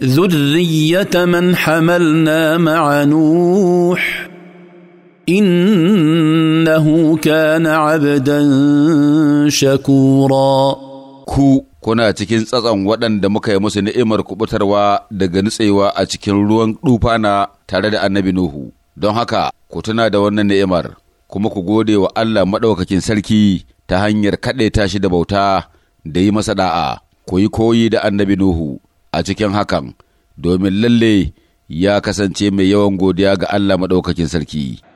ذريه من حملنا مع نوح انه كان عبدا شكورا ku kuna cikin tsatson waɗanda muka yi musu ni'imar kubutarwa daga nutsewa a cikin ruwan ɗufana tare da annabi Nuhu, don haka ku tuna da wannan ni'imar, kuma ku gode wa Allah maɗaukakin sarki ta hanyar kaɗaita shi da bauta da yi masa ɗa'a, ku yi koyi da annabi Nuhu. a cikin hakan, domin lalle ya kasance mai yawan godiya ga Allah Maɗaukakin Sarki.